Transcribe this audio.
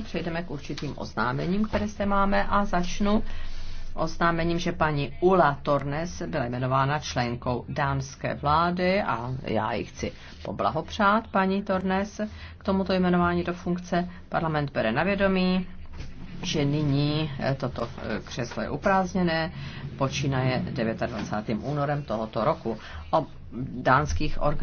všichni, přejdeme k určitým oznámením, které se máme a začnu oznámením, že paní Ula Tornes byla jmenována členkou dánské vlády a já ji chci poblahopřát paní Tornes k tomuto jmenování do funkce. Parlament bere na vědomí, že nyní eh, toto eh, křeslo je uprázdněné, počínaje 29. únorem tohoto roku. O dánských orgánů